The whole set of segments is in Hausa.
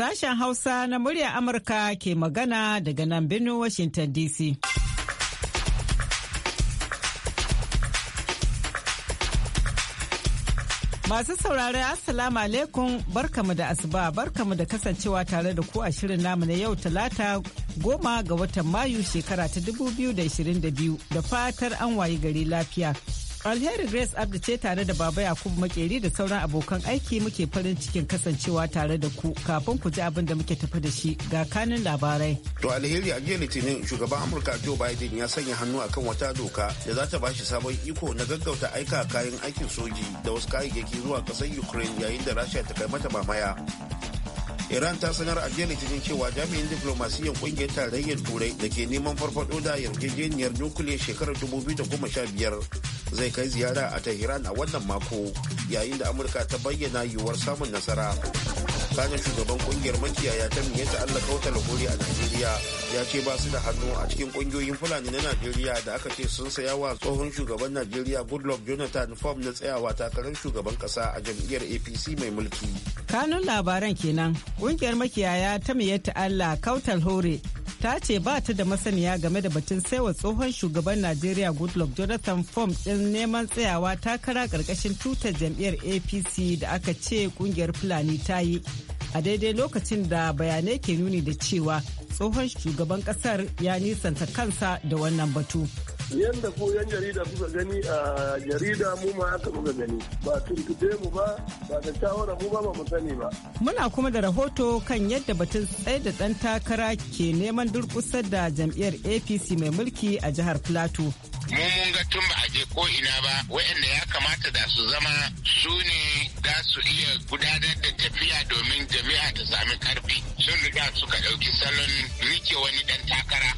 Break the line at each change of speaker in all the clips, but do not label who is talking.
Sashen Hausa na murya Amurka ke magana daga nan birnin Washington DC. Masu saurare Assalamu alaikum barkamu da asuba barkamu da kasancewa tare da ku a shirin namu na yau talata goma ga watan Mayu shekara ta 2022 da fatar an wayi gari lafiya. Alheri Grace Abdi ce tare da Baba Yakubu Makeri da sauran abokan aiki muke farin cikin kasancewa tare da ku kafin ku ji abin da muke tafi da shi ga kanin labarai.
To Alheri a jiya Litinin shugaban Amurka Joe Biden ya sanya hannu akan wata doka da za ta ba shi sabon iko na gaggauta aika kayan aikin soji da wasu kayayyaki zuwa ƙasar Ukraine yayin da Rasha ta kai mata mamaya. Iran ta sanar a jiya Litinin cewa jami'in diplomasiyyar kungiyar tarayyar Turai da ke neman farfado da yarjejeniyar nukiliyar shekarar 2015 zai kai ziyara a tehran a wannan mako yayin da amurka ta bayyana yiwuwar samun nasara kanin shugaban kungiyar makiyaya ta miyanta allah wata gori a najeriya ya ce ba su da hannu a cikin kungiyoyin fulani na najeriya da aka ce sun saya wa tsohon shugaban najeriya goodluck jonathan fom na tsayawa takarar shugaban kasa a jam'iyyar apc mai mulki
kanun labaran kenan kungiyar makiyaya ta miyatta allah kautal hore ta ce ba ta da masaniya game da batun saiwa tsohon shugaban najeriya goodluck jonathan fom din neman tsayawa takara karkashin tutar jam'iyyar apc da aka ce kungiyar fulani ta yi a daidai lokacin da bayanai ke nuni da cewa tsohon shugaban kasar ya nisanta kansa da wannan batu.
yadda ko yan jarida kuka gani a jarida mu ma aka muka gani ba tuntube mu ba ba da shawara mu ba ba mu sani ba.
Muna kuma da rahoto kan yadda batun tsaye da ɗan takara ke neman durkusa da jam'iyyar APC mai mulki a jihar Plateau. Mu mun ga tun ba a je ko ina ba
waɗanda ya kamata da su zama su ne za su iya gudanar da tafiya domin jami'a ta sami kar sun riga suka ɗauki salon rike wani ɗan takara.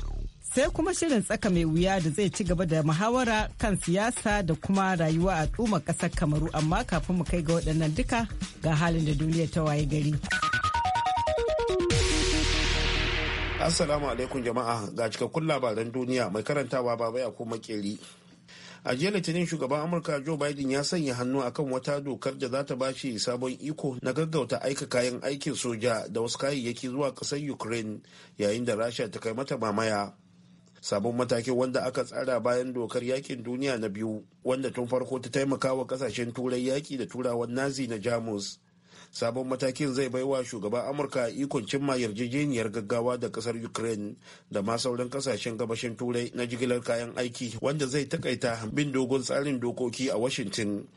Sai kuma shirin tsaka mai wuya da zai ci gaba da muhawara kan siyasa da kuma rayuwa a tsuma ƙasar Kamaru amma kafin mu kai ga waɗannan duka ga halin da duniya ta waye gari.
Assalamu alaikum jama'a ga cikakkun labaran duniya mai karantawa baba ya kuma maƙeri. a jiya litinin shugaban amurka joe biden ya sanya hannu akan wata dokar da za ta bashi sabon iko na gaggauta aika kayan aikin soja da wasu kayayyaki zuwa ƙasar ukraine yayin da rasha ta kai mata mamaya sabon matakin wanda aka tsara bayan dokar yakin duniya na biyu wanda tun farko ta taimaka wa kasashen turai yaki da turawan nazi na jamus sabon matakin zai baiwa shugaban amurka ikon cimma yarjejeniyar gaggawa da kasar ukraine da ma sauran kasashen gabashin turai na jigilar kayan aiki wanda zai takaita bin dogon tsarin dokoki a washington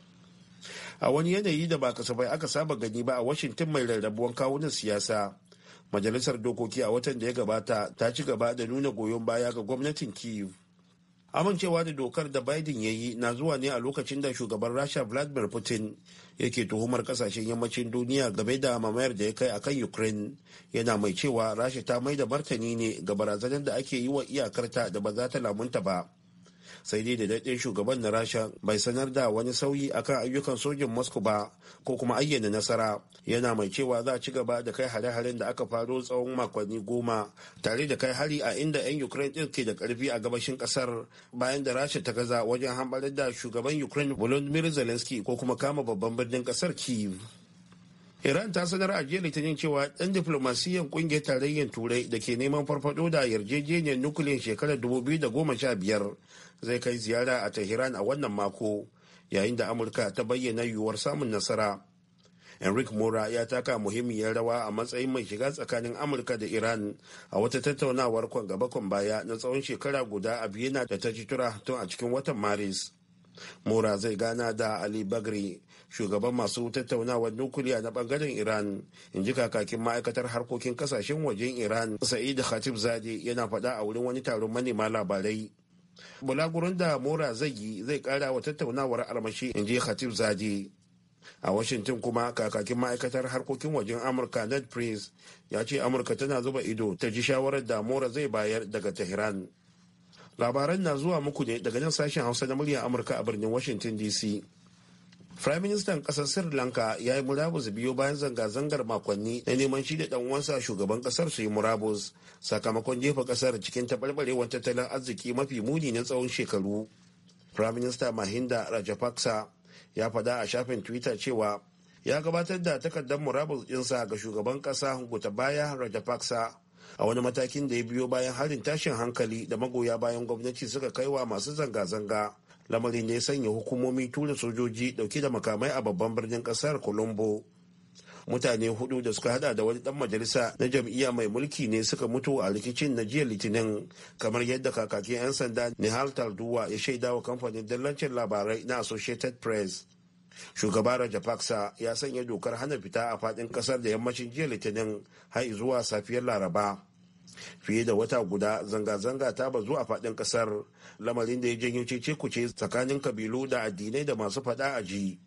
a wani yanayi da ba kasafai aka saba gani ba a washington mai rarrabuwan kawunan siyasa majalisar dokoki a watan da ya gabata ta ci gaba da nuna goyon baya ga gwamnatin kiev amincewa da dokar da biden ya yi na zuwa ne a lokacin da shugaban rasha vladimir putin yake tuhumar kasashen yammacin duniya game da mamayar da ya kai a kan ukraine yana mai cewa rasha ta mai da martani ne ga barazanar da ake yi wa iyakarta da ba za ta lamunta ba sai dai da daɗe shugaban na rasha bai sanar da wani sauyi akan ayyukan sojin moscow ba ko kuma ayyana nasara yana mai cewa za a ci gaba da kai hare-haren da aka faro tsawon makonni goma tare da kai hari a inda 'yan ukraine ɗin ke da karfi a gabashin ƙasar bayan da rasha ta gaza wajen hambarar da shugaban ukraine volodymyr zelensky ko kuma kama babban birnin ƙasar kiev Iran ta sanar a jiya Litinin cewa ɗan diflomasiyyar ƙungiyar tarayyar Turai da ke neman farfado da yarjejeniyar nukiliyar shekarar 2015 zai kai ziyara a tehran a wannan mako yayin da amurka ta bayyana yiwuwar samun nasara Enrique mora ya taka muhimmiyar rawa a matsayin mai shiga tsakanin amurka da iran a wata tattaunawar kwan gaba kwan baya na tsawon shekara guda a biyana da ta tura tun a cikin watan maris mora zai gana da ali bagri shugaban masu tattaunawar nukiliya na bangaren iran in ji kakakin ma'aikatar harkokin kasashen wajen iran sa'id khatib zade yana faɗa a wurin wani taron manema labarai bulaguron da mora zai yi zai kara wa tattaunawar armashi in ji khatib zade a washington kuma kakakin ma'aikatar harkokin wajen amurka ned prince ya ce amurka tana zuba ido ta ji shawarar da mora zai bayar daga tehran labaran na zuwa muku ne daga nan sashen hausa na murya amurka a birnin washington dc Prime Minister ƙasar Sri Lanka ya yi murabus biyu bayan zanga-zangar makonni na neman shi da uwansa shugaban ƙasar su yi murabus sakamakon jefa ƙasar cikin taɓarɓarewar tattalin arziki mafi muni na tsawon shekaru. Prime Minister Mahinda Rajapaksa ya faɗa a shafin Twitter cewa ya gabatar da takardar murabus ɗinsa ga shugaban ƙasa baya Rajapaksa a wani matakin da ya biyo bayan harin tashin hankali da magoya bayan gwamnati suka kaiwa masu zanga-zanga. lamarin ne ya sanya hukumomi tura sojoji dauke da makamai a babban birnin kasar colombo mutane hudu da suka hada da wani dan majalisa na jam'iyya mai mulki ne suka mutu a rikicin na jiya litinin kamar yadda kakakin 'yan sanda nihal tarduwa ya shaida wa kamfanin dillancin labarai na associated press shugaba raja rajapaksa ya sanya dokar hana fita a fadin kasar da yammacin jiya litinin har zuwa safiyar laraba fiye da wata guda zanga-zanga ta bazu a faɗin ƙasar lamarin da ya janyo cece kuce tsakanin kabilu da addinai da masu faɗa a ji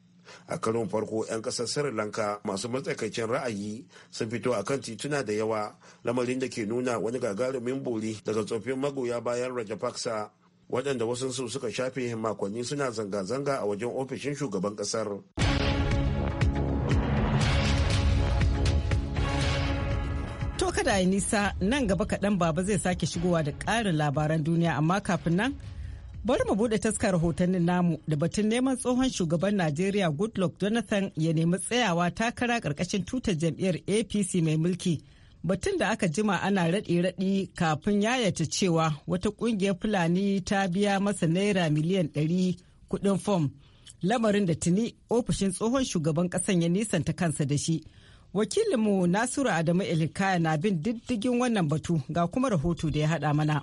a karon farko 'yan ƙasar sri lanka masu matsakaicin ra'ayi sun fito a kan tituna da yawa lamarin da ke nuna wani gagarumin bori daga tsoffin magoya bayan rajapaksa waɗanda wasu suka shafe makonni suna zanga-zanga a wajen ofishin shugaban ƙasar.
da ya nisa nan gaba kaɗan baba zai sake shigowa da ƙarin labaran duniya amma kafin nan bari mu buɗe taskar rahotannin namu da batun neman tsohon shugaban najeriya goodluck jonathan ya nemi tsayawa takara ƙarƙashin tutar jam'iyyar apc mai mulki batun da aka jima ana raɗe-raɗi kafin yayata cewa wata ƙungiyar fulani ta biya masa naira miliyan ɗari kuɗin fom lamarin da tuni ofishin tsohon shugaban ƙasan ya nisanta kansa da shi. Wakilinmu Nasiru Adamu Elikaya na bin diddigin wannan batu ga kuma rahoto da ya haɗa mana.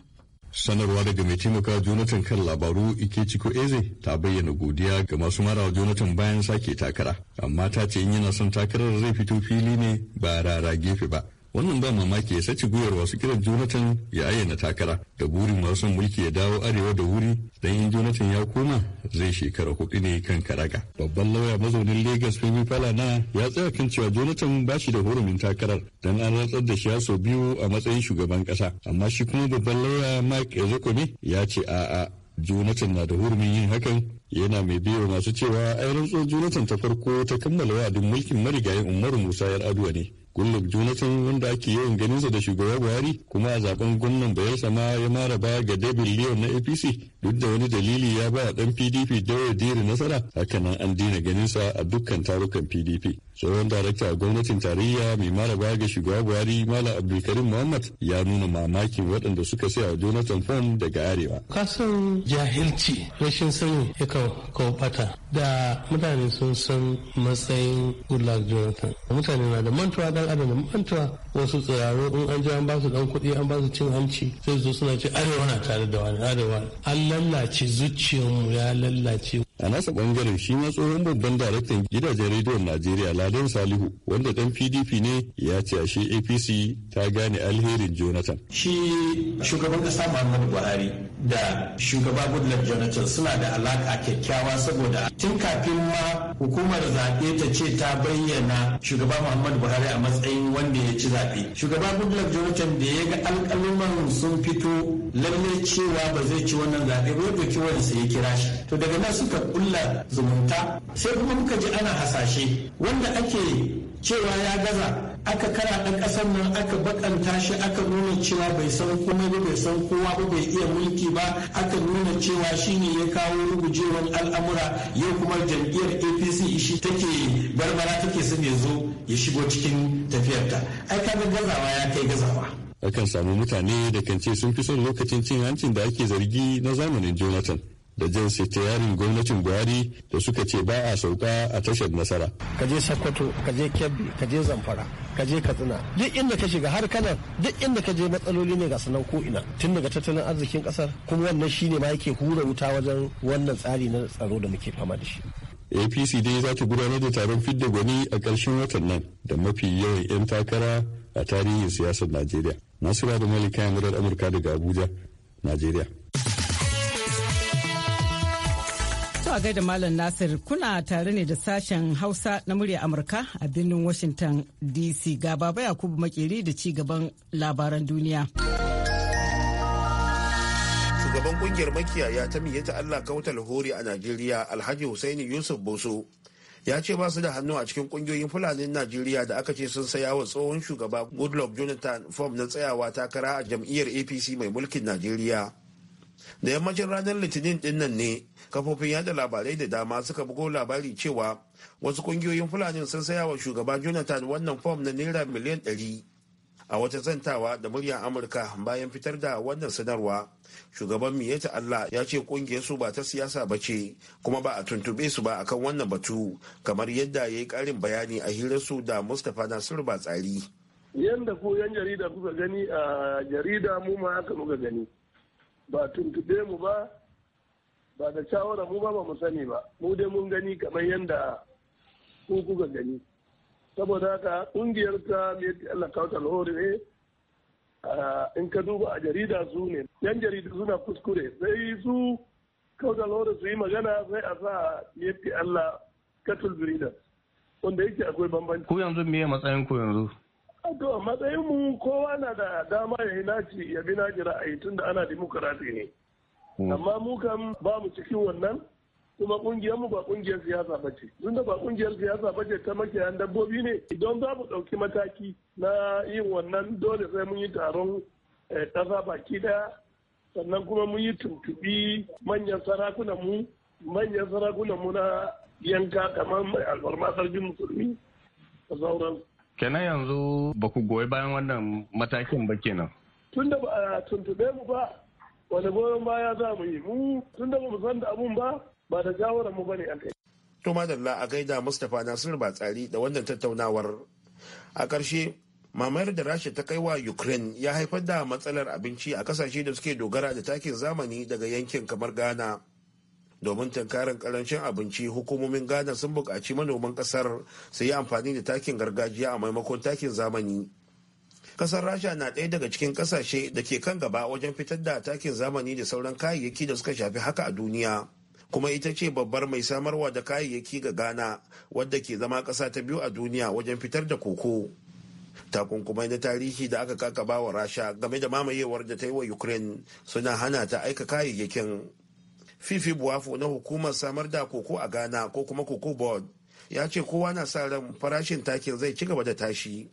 sanarwa daga mai taimaka jonathan kan labaru ikechiko eze ta bayyana godiya ga masu marawa jonathan bayan sake takara amma ta ce in yana son takarar zai fito fili ne ba rara gefe ba wannan ba mamaki ya sace guyar wasu kiran jonathan ya ayyana takara da burin masu son mulki ya dawo arewa da wuri dan yin jonathan ya koma zai shekara kuɗi ne kan karaga babban lauya mazaunin lagos femi falana ya tsaya kan cewa jonathan ba shi da hurumin takarar dan an rantsar da shi sau biyu a matsayin shugaban ƙasa amma shi kuma babban lauya mike ne? ya ce a'a jonathan na da hurumin yin hakan yana mai biyo masu cewa ai rantsuwar jonathan ta farko ta kammala wa'adin mulkin marigayin umaru musa yar aduwa ne Goodluck Jonathan wanda ake yawan ganinsa da shugaba Buhari kuma a zaben gwamnan Bayelsa ma ya mara ba ga David Leon na APC duk da wani dalili ya ba dan PDP Dawo Diri nasara hakanan an dina ganinsa a dukkan tarukan PDP. tsohon darakta a gwamnatin tarayya mai mara baya ga shugaba buhari malam abdulkarim muhammad ya nuna mamakin waɗanda suka saya jonathan fom daga arewa kasan
jahilci rashin sani yakan kawo
da mutane sun san matsayin goodluck jonathan mutane na da mantuwa dan adana mantuwa wasu tsiraro in an ji an ba su dan kuɗi an ba su cin hanci sai zo suna ce arewa na tare da wani arewa an lallace zuciyarmu ya lallace
a nasa bangaren shi ma tsohon babban daraktan gidajen rediyon najeriya ladan salihu wanda dan pdp ne ya ce ashe apc ta gane alherin jonathan
shi shugaban kasa
muhammadu buhari da shugaba goodluck jonathan suna da alaka kyakkyawa saboda tun kafin ma
hukumar zaɓe ta ce ta bayyana
shugaba muhammadu buhari a
matsayin wanda ya ci zaɓe shugaba goodluck jonathan da ya ga alƙaluman sun fito lallai cewa ba zai ci wannan zaɓe ba ya ɗauki wani sai ya kira shi to daga nan suka kulla zumunta sai kuma muka ji ana hasashe wanda ake cewa ya gaza aka kara ɗan ƙasar nan aka baƙanta shi aka nuna cewa bai san komai ba bai san kowa ba bai iya mulki ba aka nuna cewa shi ne ya kawo rugujewan al'amura yau kuma jam'iyyar apc shi take barbara take son ya zo ya shigo cikin tafiyarta ai kaga gazawa ya kai gazawa akan samu mutane da kan ce sun fi son lokacin cin hancin da ake zargi na zamanin jonathan da jan yarin gwamnatin buhari da suka ce ba a sauka a tashar nasara
ka je sokoto ka je kebbi ka je zamfara ka je katsina duk inda ka shiga har kana duk inda ka je matsaloli ne ga sanan ko ina tun daga tattalin arzikin kasar kuma wannan shine ma yake hura wuta wajen wannan tsari na tsaro da muke fama da
shi apc dai za ta gudanar da taron fidda gwani a ƙarshen watan nan da mafi yawan 'yan takara a tarihin siyasar najeriya nasira da malika yamurar amurka daga abuja najeriya
a gaida Malam Nasir kuna tare ne da sashen Hausa na murya Amurka a birnin Washington DC ga Baba Yakubu Makeri da ci gaban labaran duniya.
Shugaban kungiyar makiyaya ta miyata Allah kauta lahori a Najeriya Alhaji husaini Yusuf Boso ya ce ba su da hannu a cikin kungiyoyin Fulanin Najeriya da aka ce sun saya wa tsohon shugaba Goodluck Jonathan fom na tsayawa takara a jam'iyyar APC mai mulkin Najeriya. Da yammacin ranar Litinin dinnan ne kafofin yada labarai da dama suka bugo labari cewa wasu kungiyoyin fulani sun saya wa shugaba jonathan wannan fom na naira miliyan 100 a wata zantawa da murya amurka bayan fitar da wannan sanarwa shugaban miyeta allah ya ce kungiyar su ba ta siyasa ba ce kuma ba a tuntube su ba akan wannan batu kamar yadda ya yi karin bayani a hirar su da mustapha nasiru tsari.
yadda ko yan jarida kuka gani a jarida mu ma haka muka gani ba tuntube mu ba ba da shawara mu ba mu sani ba mu dai mun gani kamar yadda ku kuka gani saboda haka kungiyar ta mai Allah kautal hore in ka duba a jarida su ne yan jarida suna kuskure sai su kautal hore su yi magana sai a sa mai Allah katul breeders wanda yake akwai bambanci ku yanzu me matsayin ku yanzu to matsayin mu kowa na da dama ya yi naci ya bi a ra'ayi tunda ana demokarasi ne Hmm. amma mu kan ba mu cikin wannan kuma kungiyar mu ba kungiyar siyasa ba ce da ba kungiyar siyasa ba ce ta makiyayan dabbobi ne idan za mu ɗauki mataki na yin wannan dole sai mun yi taron eh, ƙasa baki daya sannan kuma mun yi tuntuɓi manyan sarakunan mu manyan sarakunan mu na yanka kamar mai alfarma sarkin musulmi da sauran. kenan yanzu ba ku goyi bayan wannan matakin ba kenan. da ba a tuntuɓe mu ba wani goyon baya za mu yi mu tun da mu san da abun ba ba da jawaran mu bane akai
to madalla a gaida mustapha nasir batsari da wannan tattaunawar a ƙarshe mamayar da rasha ta kai wa ukraine ya haifar da matsalar abinci a kasashe da suke dogara da takin zamani daga yankin kamar ghana domin tankarin karancin abinci hukumomin ghana sun buƙaci manoman ƙasar su yi amfani da takin gargajiya a maimakon takin zamani kasar rasha na ɗaya daga cikin kasashe da ke kan gaba wajen fitar da takin zamani da sauran kayayyaki da suka shafi haka a duniya kuma ita ce babbar mai samarwa da kayayyaki ga ghana wadda ke zama ƙasa ta biyu a duniya wajen fitar da koko takunkumai na tarihi da aka kakaba wa rasha game da mamayewar da ta yi wa ukraine suna hana ta aika kayayyakin fifi buwafo na hukumar samar da koko a ghana ko kuma koko board ya ce kowa na sa ran farashin takin zai ci gaba da tashi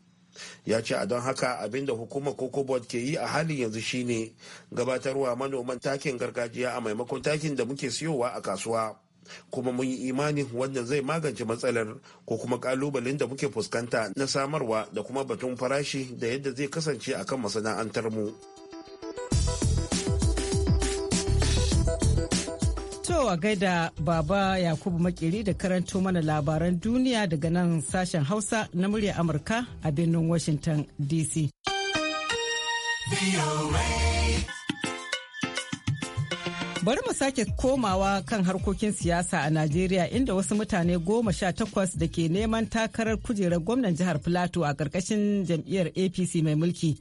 ya ce a don haka abinda hukumar coco board ke yi a halin yanzu shine gabatarwa manoman takin gargajiya a maimakon takin da muke siyowa a kasuwa kuma mun yi imanin wannan zai magance matsalar ko kuma kalubalen da muke fuskanta na samarwa da kuma batun farashi da yadda zai kasance akan masana'antar mu.
To a gaida Baba Yakubu Makeri da karanto mana labaran duniya daga nan sashen Hausa na muryar Amurka a birnin Washington DC. Bari mu sake komawa kan harkokin siyasa a Najeriya inda wasu mutane goma sha takwas da ke neman takarar kujerar gwamnan jihar plateau a ƙarƙashin jam'iyyar APC mai mulki.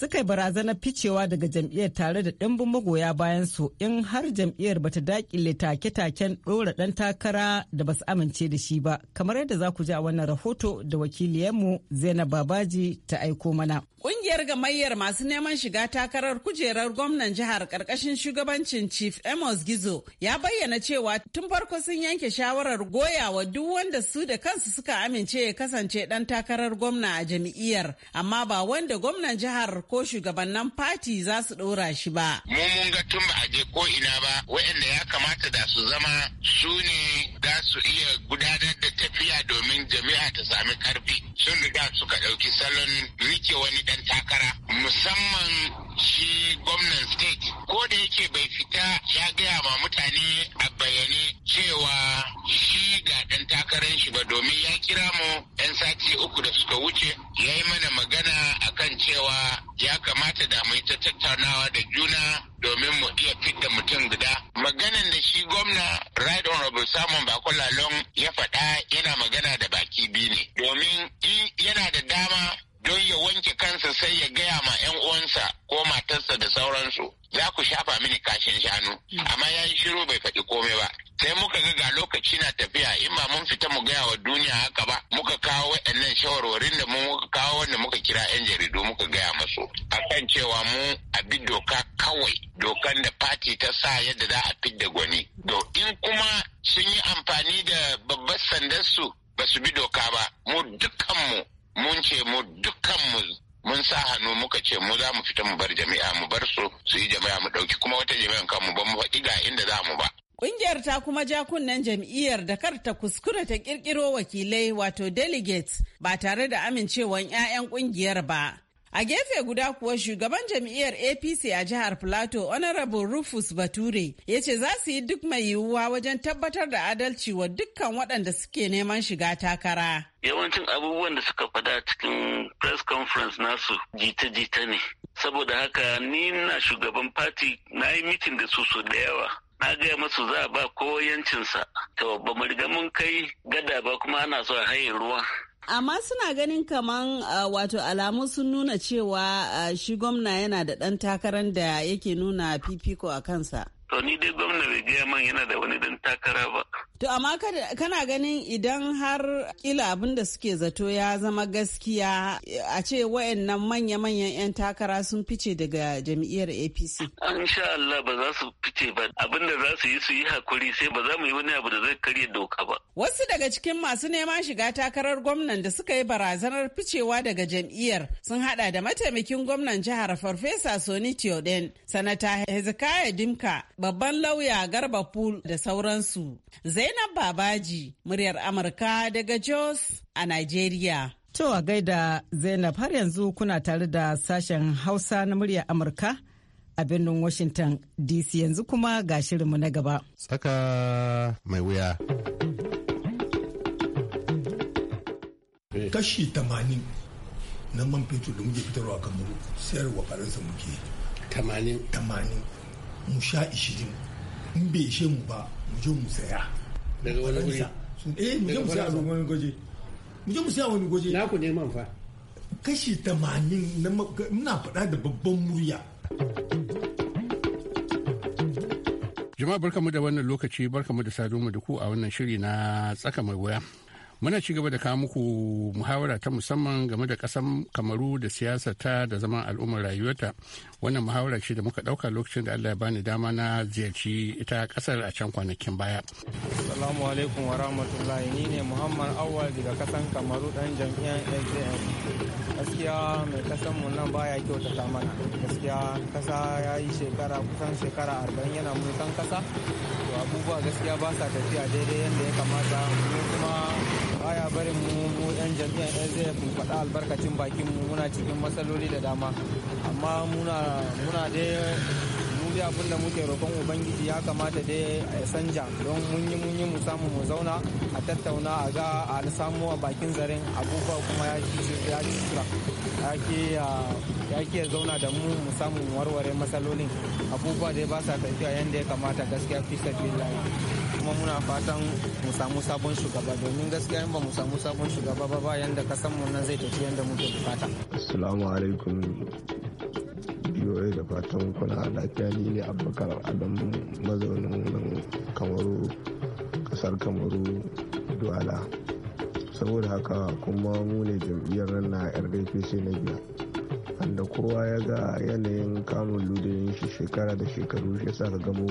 suka yi barazanar ficewa daga jam'iyyar tare da ɗimbin magoya bayan su in har jam'iyyar bata dakile take-taken ɗora ɗan takara da basu amince da shi ba kamar yadda za ku ji a wannan rahoto da wakiliyarmu zainab babaji ta aiko mana
Kungiyar gamayyar masu neman shiga takarar kujerar gwamnan jihar ƙarƙashin shugabancin Chief Amos Gizo ya bayyana cewa tun farko sun yanke shawarar goyawa duk wanda su da kansu suka amince ya kasance ɗan takarar gwamna a jam'iyyar amma ba wanda gwamnan jihar ko shugabannin fati za su ɗora shi ba.
Mu mun ga tun ba a je ko ina ba waɗanda ya kamata da su zama su ne za su iya gudanar da tafiya domin jami'a ta sami karfi sun riga suka ɗauki salon rike wani ɗan ɗan takara musamman shi gwamnan state ko da yake bai fita ya gaya ma mutane a bayyane cewa shi ga ɗan takarar shi ba domin ya kira mu 'yan sati uku da suka wuce ya yi mana magana akan cewa ya kamata da mu ta tattaunawa da juna domin mu iya fidda mutum guda. Maganan da shi gwamna Right Honorable samun Bakola Long ya faɗa yana magana da baki biyu ne. wanke kansa sai ya gaya ma 'yan uwansa ko matarsa da sauransu za ku shafa mini kashin shanu hmm. amma ya yi shiru bai faɗi komai ba sai muka ga ga lokaci na tafiya in ba mun fita mu gaya wa duniya haka ba muka kawo waɗannan shawarwarin da mu muka kawo wanda muka kira 'yan jaridu muka gaya masu akan cewa mu a bi doka kawai dokan da fati ta sa yadda za a fidda gwani to in kuma sun yi amfani da babbar sandarsu ba su bi doka ba mu dukkanmu mun ce mu dukkanmu mun sa hannu muka ce mu za mu fita mu bar jami'a mu bar su su yi jami'a mu ɗauki kuma wata jami'an kanmu ba mu faɗi ga inda za mu ba.
Ƙungiyar ta kuma ja kunnen jam'iyyar da kar ta kuskure ta ƙirƙiro wakilai wato delegates ba tare da amincewan 'ya'yan ƙungiyar ba. A gefe guda kuwa shugaban jam'iyyar APC a jihar Plateau Honorable Rufus Bature ya ce za su yi duk mai yiwuwa wajen tabbatar da adalci wa dukkan waɗanda suke neman shiga takara.
Yawancin abubuwan da suka fada cikin press conference nasu jita-jita ne. Saboda haka ni na shugaban fati na yi mitin da su su da yawa. na gaya masu za a ba kowa yancinsa to ba mu
riga mun kai gada ba kuma ana so a haye ruwa
amma suna ganin kaman uh, wato alamu sun nuna cewa ah, shi gwamna yana da ɗan takarar da yake nuna fifiko a kansa
To ni dai gwamna bai gaya man yana da wani dan takara ba.
To amma kana ganin idan har kila abin da suke zato ya zama gaskiya a ce wayannan manya-manyan 'yan takara sun fice daga jam'iyyar APC. An
sha Allah ba za su fice ba abin da za su yi su yi hakuri sai ba za mu yi wani abu da zai karya doka
ba. Wasu daga cikin masu neman shiga takarar gwamnan da suka yi barazanar ficewa daga jam'iyyar sun hada da mataimakin gwamnan jihar Farfesa Soni Theoden, Sanata Hezekiah Dimka babban lauya Garba Pool da sauransu. Zainab Babaji, muryar Amurka daga Jos a Nigeria. To a gaida
Zainab har yanzu kuna tare da sashen Hausa na muryar Amurka a birnin Washington DC yanzu kuma ga shirinmu na gaba.
Tsaka mai wuya. Kashi tamanin na man fetur da muke fitarwa a Kamaru sayarwa Faransa muke. Tamanin. Tamanin. mu sha ishirin in bai ishe mu ba mu je mu saya daga wani wuri eh mu je mu saya wani goje mu je mu saya wani goje na ku neman fa kashi tamanin muna faɗa da babban murya
jama'a barkamu da wannan lokaci barkamu da saduwa da ku a wannan shiri na tsaka mai wuya muna ci gaba da kawo muku muhawara ta musamman game da kasan kamaru da siyasa ta da zaman al'ummar rayuwarta wannan muhawara ce da muka ɗauka lokacin da allah ya bani dama na ziyarci ita kasar a can kwanakin baya
assalamu alaikum wa rahmatullahi ni ne muhammad awal daga kasan kamaru dan jam'iyyar sjm gaskiya mai kasan mu nan baya ta mana gaskiya kasa ya yi shekara kusan shekara arba'in yana mulkan kasa to abubuwa gaskiya ba sa tafiya daidai yadda ya kamata mu kuma baya barin mu yan jam'i'an 'yan zai mu faɗa albarkacin bakin mu muna cikin matsaloli da dama amma muna muna dai dai abin da muke roƙon ubangiji ya kamata dai ya sanja don mun yi mun yi mu samu mu zauna a tattauna a ga a samu a bakin zaren abubuwa kuma ya ci sura ya ke zauna da mu mu samu warware matsalolin abubuwa dai ba sa tafiya yadda ya kamata gaskiya fi layi kuma muna fatan mu samu sabon shugaba domin gaskiya in ba mu samu sabon shugaba ba ba yanda kasan mu nan zai tafi yanda muke bukata. Assalamu alaikum biyo da fatan kuna lafiya ne ne abubakar adam mazaunin nan kamaru kasar kamaru duwala saboda haka kuma mu ne jam'iyyar nan na rdpc na biya wanda kowa ya ga yanayin kamun ludayin shi shekara da shekaru shi sa ka gamo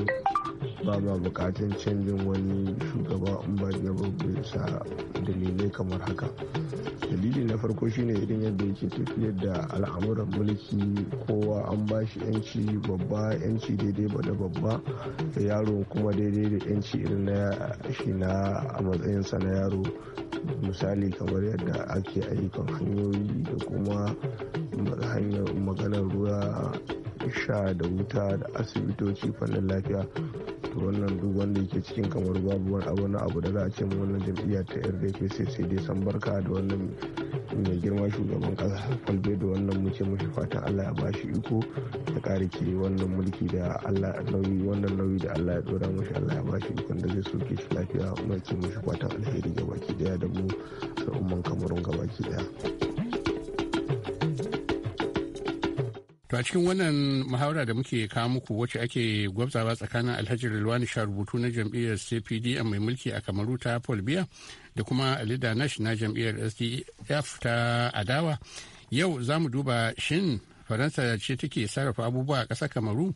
ba ma bukatun canjin wani shugaba in ba ya sa dalilai kamar haka dalili na farko shine irin yadda yake tafiyar da al'amuran mulki kowa an ba shi yanci babba yanci daidai ba da babba da yaro kuma daidai da yanci irin na shi na a matsayinsa na yaro misali kamar yadda ake ayyukan hanyoyi da kuma hanyar maganar ruwa sha da wuta da asibitoci fannin lafiya to wannan duk wanda yake cikin kamar babu wani na abu da za a ce mu wannan jam'iyya ta rdp sai dai san barka da wannan mai girma shugaban kasa kalbe da wannan muke mushi fatan allah ya bashi iko ya kare ke wannan mulki da allah nauyi wannan nauyi da allah ya dora mushi allah ya bashi iko da zai soke shi lafiya muke mushi fatan alheri gabaki daya da mu umman kamarun gabaki daya.
To a cikin wannan muhawara da muke kawo muku wacce ake gwabzawa tsakanin Alhaji Rilwani rubutu na jam'iyyar CPD mai mulki a Kamaru ta Paul Biya da kuma Alida Nash na jam'iyyar SDF ta Adawa. Yau za mu duba shin faransa ce take sarrafa abubuwa a ƙasar kamaru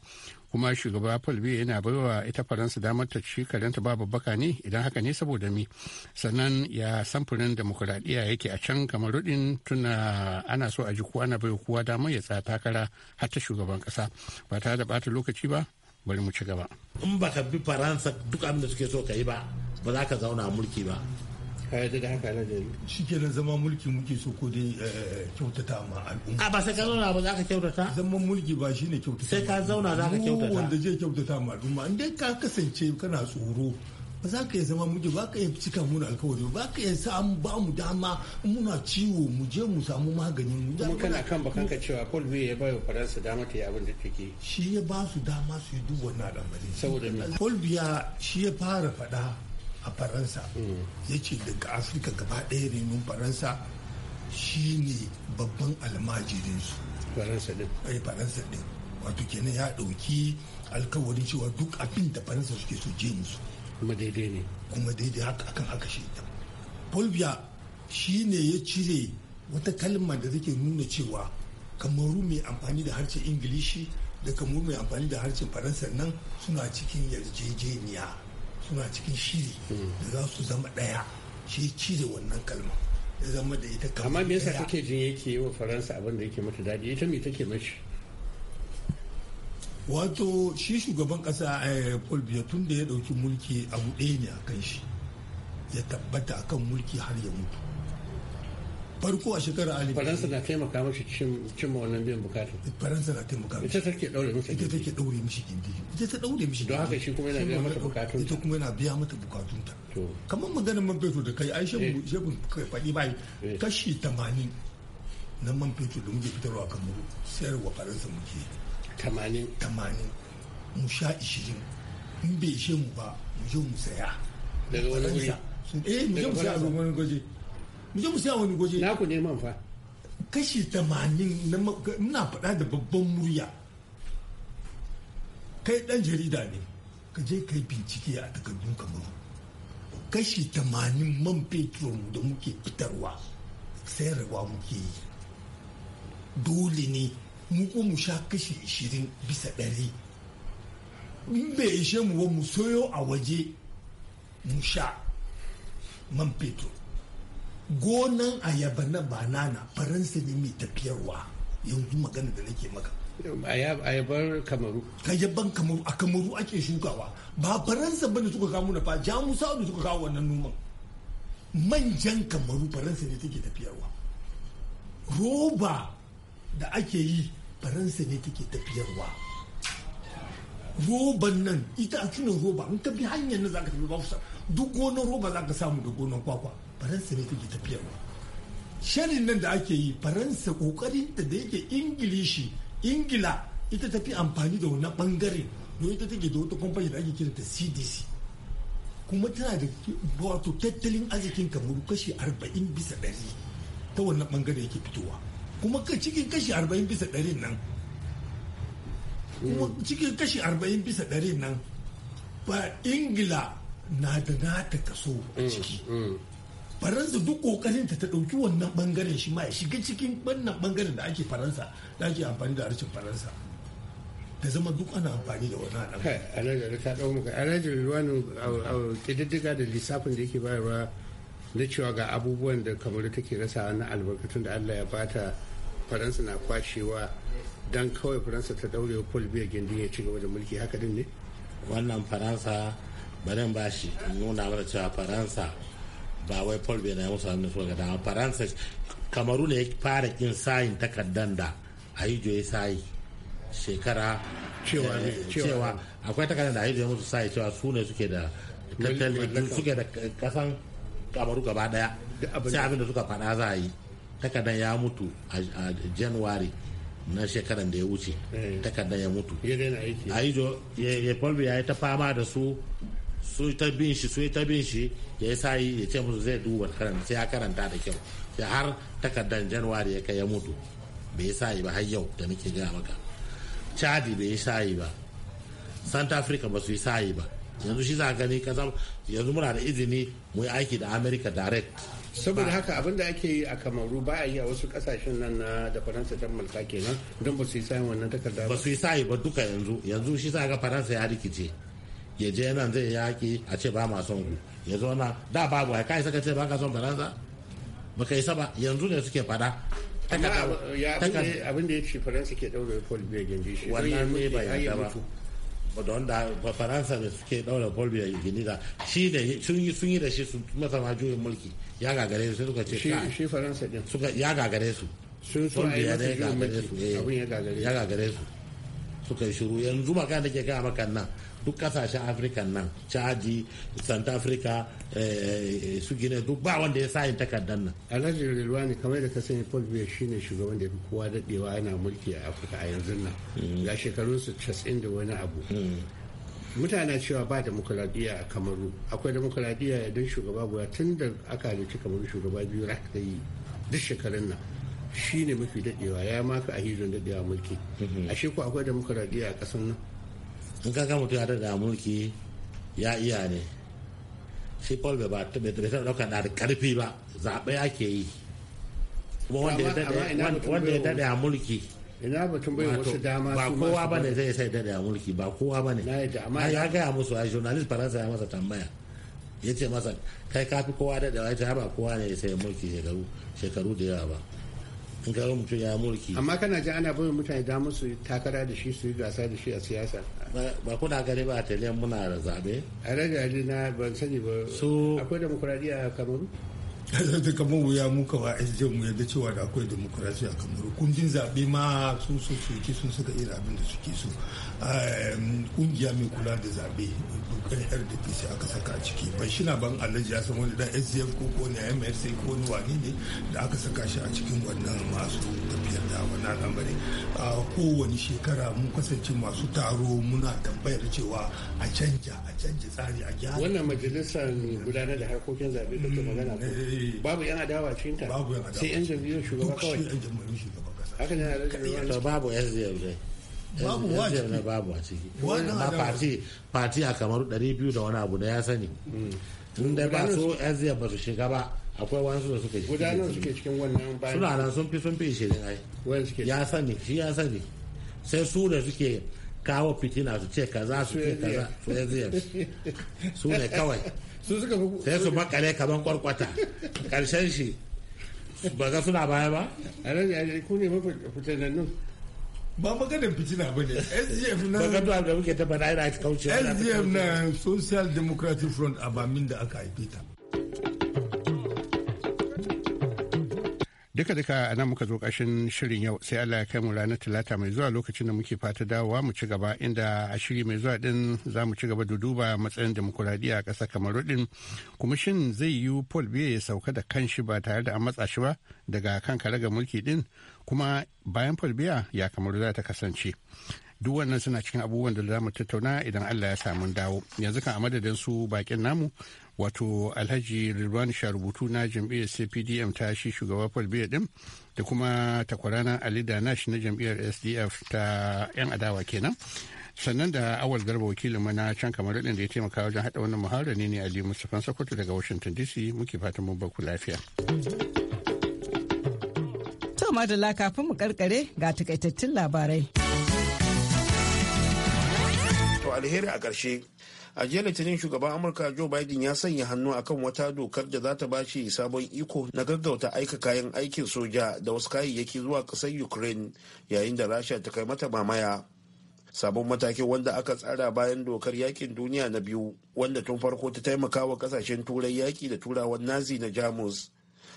kuma shugaba paul yana baiwa ita faransa damar ta ci karenta ba babbaka ne idan haka ne saboda mi sannan ya samfurin demokuraɗiyya yake a can kamaru din tuna ana so a ji kuwa na baiwa kuwa damar ya tsaya takara har shugaban ƙasa ba tare da bata lokaci ba bari mu ci gaba in baka bi faransa duk abin da suke so ka yi ba ba za ka zauna a
mulki ba yadda da haka na gari shi kenan zama mulki muke so ko dai eh, kyautata ma al'umma a ba sai ka zauna ba za ka kyautata zaman mulki ba shine kyautata sai ka zauna za ka kyautata wanda zai kyautata ma al'umma in dai ka kasance kana tsoro ba za ka iya zama muje ba ka iya cika muna alkawari ba ka yi sa ba mu dama muna ciwo mu je mu samu magani mu da kana kan bakan
ka cewa Paul Biya ya bayo Faransa dama ta yi abin da take
shi ya ba su dama su yi duk wannan al'amari saboda Paul Biya shi ya fara faɗa a faransa ce daga afirka gaba ɗaya renon faransa shine babban almajirinsu eh, faransa ɗin wato kenan ya ɗauki alkawarin cewa duk abin da faransa suke so je musu kuma daidai ne kuma daidai haka akan haka shi ta bolivia shi ne ya cire wata kalma da take nuna cewa kamaru mai amfani da harshen ingilishi da kamaru mai amfani da harshen faransa nan suna cikin yarjejeniya suna cikin shiri da za su zama ɗaya shi cire wannan kalma ya zama da ita kalma amma me yasa kake
jin yake yi wa faransa abin da yake mata daɗi ita me take mashi
wato shi shugaban kasa eh, paul biya tun da ya ɗauki mulki a buɗe ne a kan shi ya tabbata akan mulki har ya mutu farko a shekarar alif faransa na
taimaka mashi cin wannan biyan bukatu
faransa na taimaka mashi ita take daure mishi ita take daure mishi gindi ita ta daure mishi don haka shi kuma yana biya mata bukatun ita kuma yana biya mata bukatun ta kamar maganar man fetur da kai ai shebu eh. shebu kai fadi bai eh. kashi 80 na man fetur da muke fitarwa kamaru sayarwa faransa muke 80 80 mu sha 20 in bai ishe mu ba mu je mu saya daga wani wuri eh mu je mu saya a wani gwaje mu je mu siya wani goje na ku neman fa kashi 80 muna faɗa da babban murya kai dan jarida ne ka je kai bincike a takardun kamaru kashi 80 man fetur da muke fitarwa rawa muke yi dole ne mu ko mu sha kashi 20 bisa ɗari in bai ishe mu ba mu soyo a waje mu sha man fetur gonan ayaba na banana faransa ne mai tafiyarwa yanzu magana da nake maka ayabar kamaru ayaban kamaru a kamaru ake shukawa ba faransa ba da suka kawo na fa jamusa da suka kawo wannan noman manjan kamaru faransa ne take tafiyarwa roba da ake yi faransa ne take tafiyarwa roban nan ita a roba in ka bi hanyar na zaka tafi ba duk gonan roba zaka samu da gonar kwakwa faransa ne take tafiyarwa shirin nan da ake yi faransa kokarin da da yake ingilishi ingila ita tafi amfani da wani bangare don ita take da wata kamfani da ake kira ta cdc kuma tana da wato tattalin arzikin kamar kashi arba'in bisa ɗari ta wannan bangare yake fitowa kuma cikin kashi arba'in bisa ɗari nan kuma cikin kashi 40 bisa ɗari nan ba ingila na da nata kaso a ciki mm, mm, mm. faransa duk kokarin ta ta dauki wannan bangaren shi ma ya shiga cikin wannan bangaren da ake faransa da ake amfani da harshen faransa da zama duk ana amfani da wannan al'amari.
Alhaji ta dau muka alhaji ruwanin kididdiga da lissafin da yake bayarwa na cewa ga abubuwan da kamar take rasa na albarkatun da Allah ya bata faransa na kwashewa dan kawai faransa ta daure wa paul biya gindin ya ci gaba da mulki
haka din ne wannan faransa barin bashi nuna mana cewa faransa ba wai paul bai na musu hannun suka dama faransa kamaru ne ya fara kin sayin takardar da yi joye sayi shekara cewa eh, akwai takardar da a yi joye musu sayi cewa su ne suke da suke da kasan kamaru gaba daya sai abin da suka faɗa za a yi takardar ya mutu a january na shekaran da ya wuce eh. takardar ya mutu ahijo ya paul ya yi ta fama da su su ta bin shi su ta bin shi ya yi sayi ya ce musu zai duba karanta sai ya karanta da kyau sai har takardar januwari ya kai ya mutu bai yi sayi ba har yau da nake gina maka chadi bai yi sayi ba santa africa ba su yi sayi ba yanzu shi za gani kaza yanzu muna da izini mu yi aiki da america
direct saboda haka abin da ake yi a kamaru ba a yi a wasu kasashen nan na da faransa ta mulka kenan don ba su yi sayi wannan takarda ba su
yi sayi ba duka yanzu yanzu shi sa ga faransa ya rikice ya je nan zai yaki a ce ba ma son ku ya zo na da babu ai kai saka ce ba ka son faransa ba kai saba yanzu ne suke fada abin da
ya ce faransa ke daure paul biya gindi shi wannan ne ba ya ba
don da faransa ne suke daura paul biya gindi da shi ne sun yi da shi sun masa ma juyin mulki ya gagare su suka ce shi faransa din suka ya gagare su sun sun biya ne gagare su ya gagare su suka yi shiru yanzu magana da ke gaya maka nan duk kasashen afirka nan chadi Santa africa eh, eh, su gine duk ba wanda ya sayin takardar nan
alhaji ne kamar da ka sani paul biya ne shugaban da fi kowa daɗewa yana mulki a afirka a yanzu nan mm. ga shekarunsu casin da wani abu mm. mutane cewa ba demokuraɗiyya a kamaru akwai demokuraɗiyya idan shugaba guda tun da aka halicci kamaru shugaba biyu rak da yi duk shekarun nan shi ne mafi daɗewa ya maka a hijin daɗewa mulki mm-hmm. a ko akwai demokuraɗiyya a ƙasar nan
in ka mutum ya da mulki ya iya ne shi paul bai taɓa ɗaukar da karfi ba zaɓe ake yi kuma wanda ya daɗe a mulki ina batun bai wasu dama ba kowa ba ne zai sai daɗe a mulki ba kowa ba ne ya gaya musu a journalist faransa ya masa tambaya ya ce masa kai kafi kowa daɗewa ya ba kowa ne sai mulki shekaru da yawa ba in ga mutum ya mulki
amma kana ji ana bai mutane damar su takara da shi su yi gasa da shi a siyasa ba
kuna gani ba a taliyan muna da zabe
a ragari na ban sani ba akwai demokuraɗiyya a kamaru da kamar wuya mu kawa sj mu yadda cewa da akwai a kamaru kundin zaɓe ma sun so soki sun suka irin abin da suke so ehm, ƙungiya mai kula da zaɓe dukkan rdpc aka saka a ciki bai shi na ban alhaji ya san wani dan sdf ko ko ne mrc ko wani wani ne da aka saka shi a cikin wannan masu tafiyar da wannan lamarin a kowane shekara mun kasance masu taro muna tambayar cewa a canja a canja tsari a gyara wannan
majalisar gudanar da harkokin zaɓe da magana ko eh, Eh. babu yan adawa cikin ta babu yan adawa sai yan jam'iyyar shugaba kawai duk yan
jam'iyyar shugaba
kasa haka ne a to
babu SDF
babu wajibi na
babu a ciki ma party party a kamar 200 da wani abu da ya sani hmm. tun da ba so SDF ba su shiga ba akwai wani da suka gudanar suke
cikin wannan bayan suna nan
sun fi sun fi ishirin ai ya sani shi ya sani sai su da suke kawo fitina su ce kaza su ce kaza
su ne kawai sai su makale
kamar kwarkwata karshen shi ba ga suna baya ba a nan ya ku ne mafi nan ba maganin fitina ba ne sgf na ba maganin da muke tabbata
yana kauce sgf na social democratic front a bamin da aka haife ta
duka duka a nan muka zo ƙashin shirin yau sai allah ya kai mu ranar talata mai zuwa lokacin da muke fata dawowa mu ci gaba inda a shiri mai zuwa din za mu ci gaba da duba matsayin demokuraɗiyya a ƙasar kamaru din kuma zai yi paul biya ya sauka da kanshi ba tare da an matsa shi ba daga kan kare ga mulki din kuma bayan paul biya ya kamar za ta kasance duk wannan suna cikin abubuwan da za mu tattauna idan Allah ya samu dawo yanzu kan a madadin su bakin namu wato alhaji rilwan sharubutu na jam'iyyar cpdm ta shi shugaba falbiya din da kuma takwarana ali nash na jam'iyyar sdf ta 'yan adawa kenan sannan da awal garba wakilin mana can kamar din da ya taimaka wajen hada wannan muhawara ne ne ali mustapha sokoto daga washington dc muke fatan mun baku lafiya
to madalla kafin mu karkare ga takaitattun labarai
to alheri a ƙarshe a jiya litinin shugaban amurka joe biden ya sanya hannu akan wata dokar da za ta ba shi sabon iko na gaggauta aika kayan aikin soja da wasu kayayyaki zuwa ƙasar ukraine yayin da rasha ta kai mata mamaya sabon matakin wanda aka tsara bayan dokar yakin duniya na biyu wanda tun farko ta taimaka wa kasashen turai yaki da turawan nazi na jamus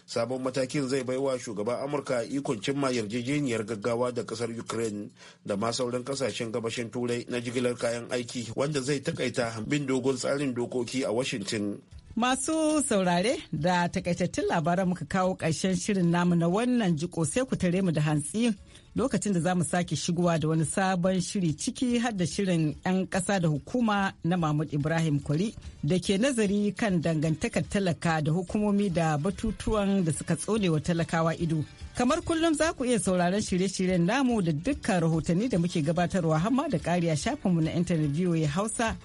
sabon matakin zai baiwa shugaban amurka ikon cimma yarjejeniyar gaggawa da kasar ukraine da ma sauran kasashen gabashin turai na jigilar kayan aiki wanda zai takaita bin dogon tsarin dokoki a washington
Masu saurare da takaitattun labaran muka kawo ƙarshen shirin namu na wannan jiko sai ku tare mu da hantsi lokacin da za mu sake shigowa da wani sabon shiri ciki har da shirin 'yan ƙasa da hukuma na Mahmud Ibrahim Kwari da ke nazari kan dangantakar talaka da hukumomi da batutuwan da suka tsone wa talakawa ido. Kamar kullum za ku iya sauraron shirye-shiryen namu da dukkan rahotanni da muke gabatarwa hamma da ƙari a shafinmu na intanet ya Hausa.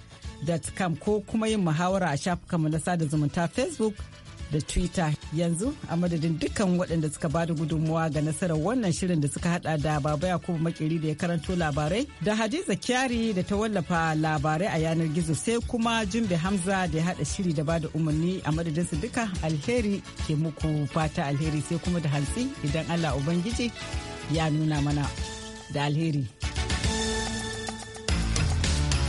facebook.com ko kuma yin muhawara a shafukanmu na sada zumunta facebook da twitter yanzu a madadin dukkan waɗanda suka bada gudunmuwa ga nasarar wannan shirin da suka hada da baba yakubu makeri da ya karanto labarai da hadiza kyari da ta wallafa labarai a yanar gizo sai kuma jimbe hamza da ya hada shiri da bada umarni a madadin su duka alheri ke muku fata alheri sai kuma da hantsi idan allah ubangiji ya nuna mana da alheri.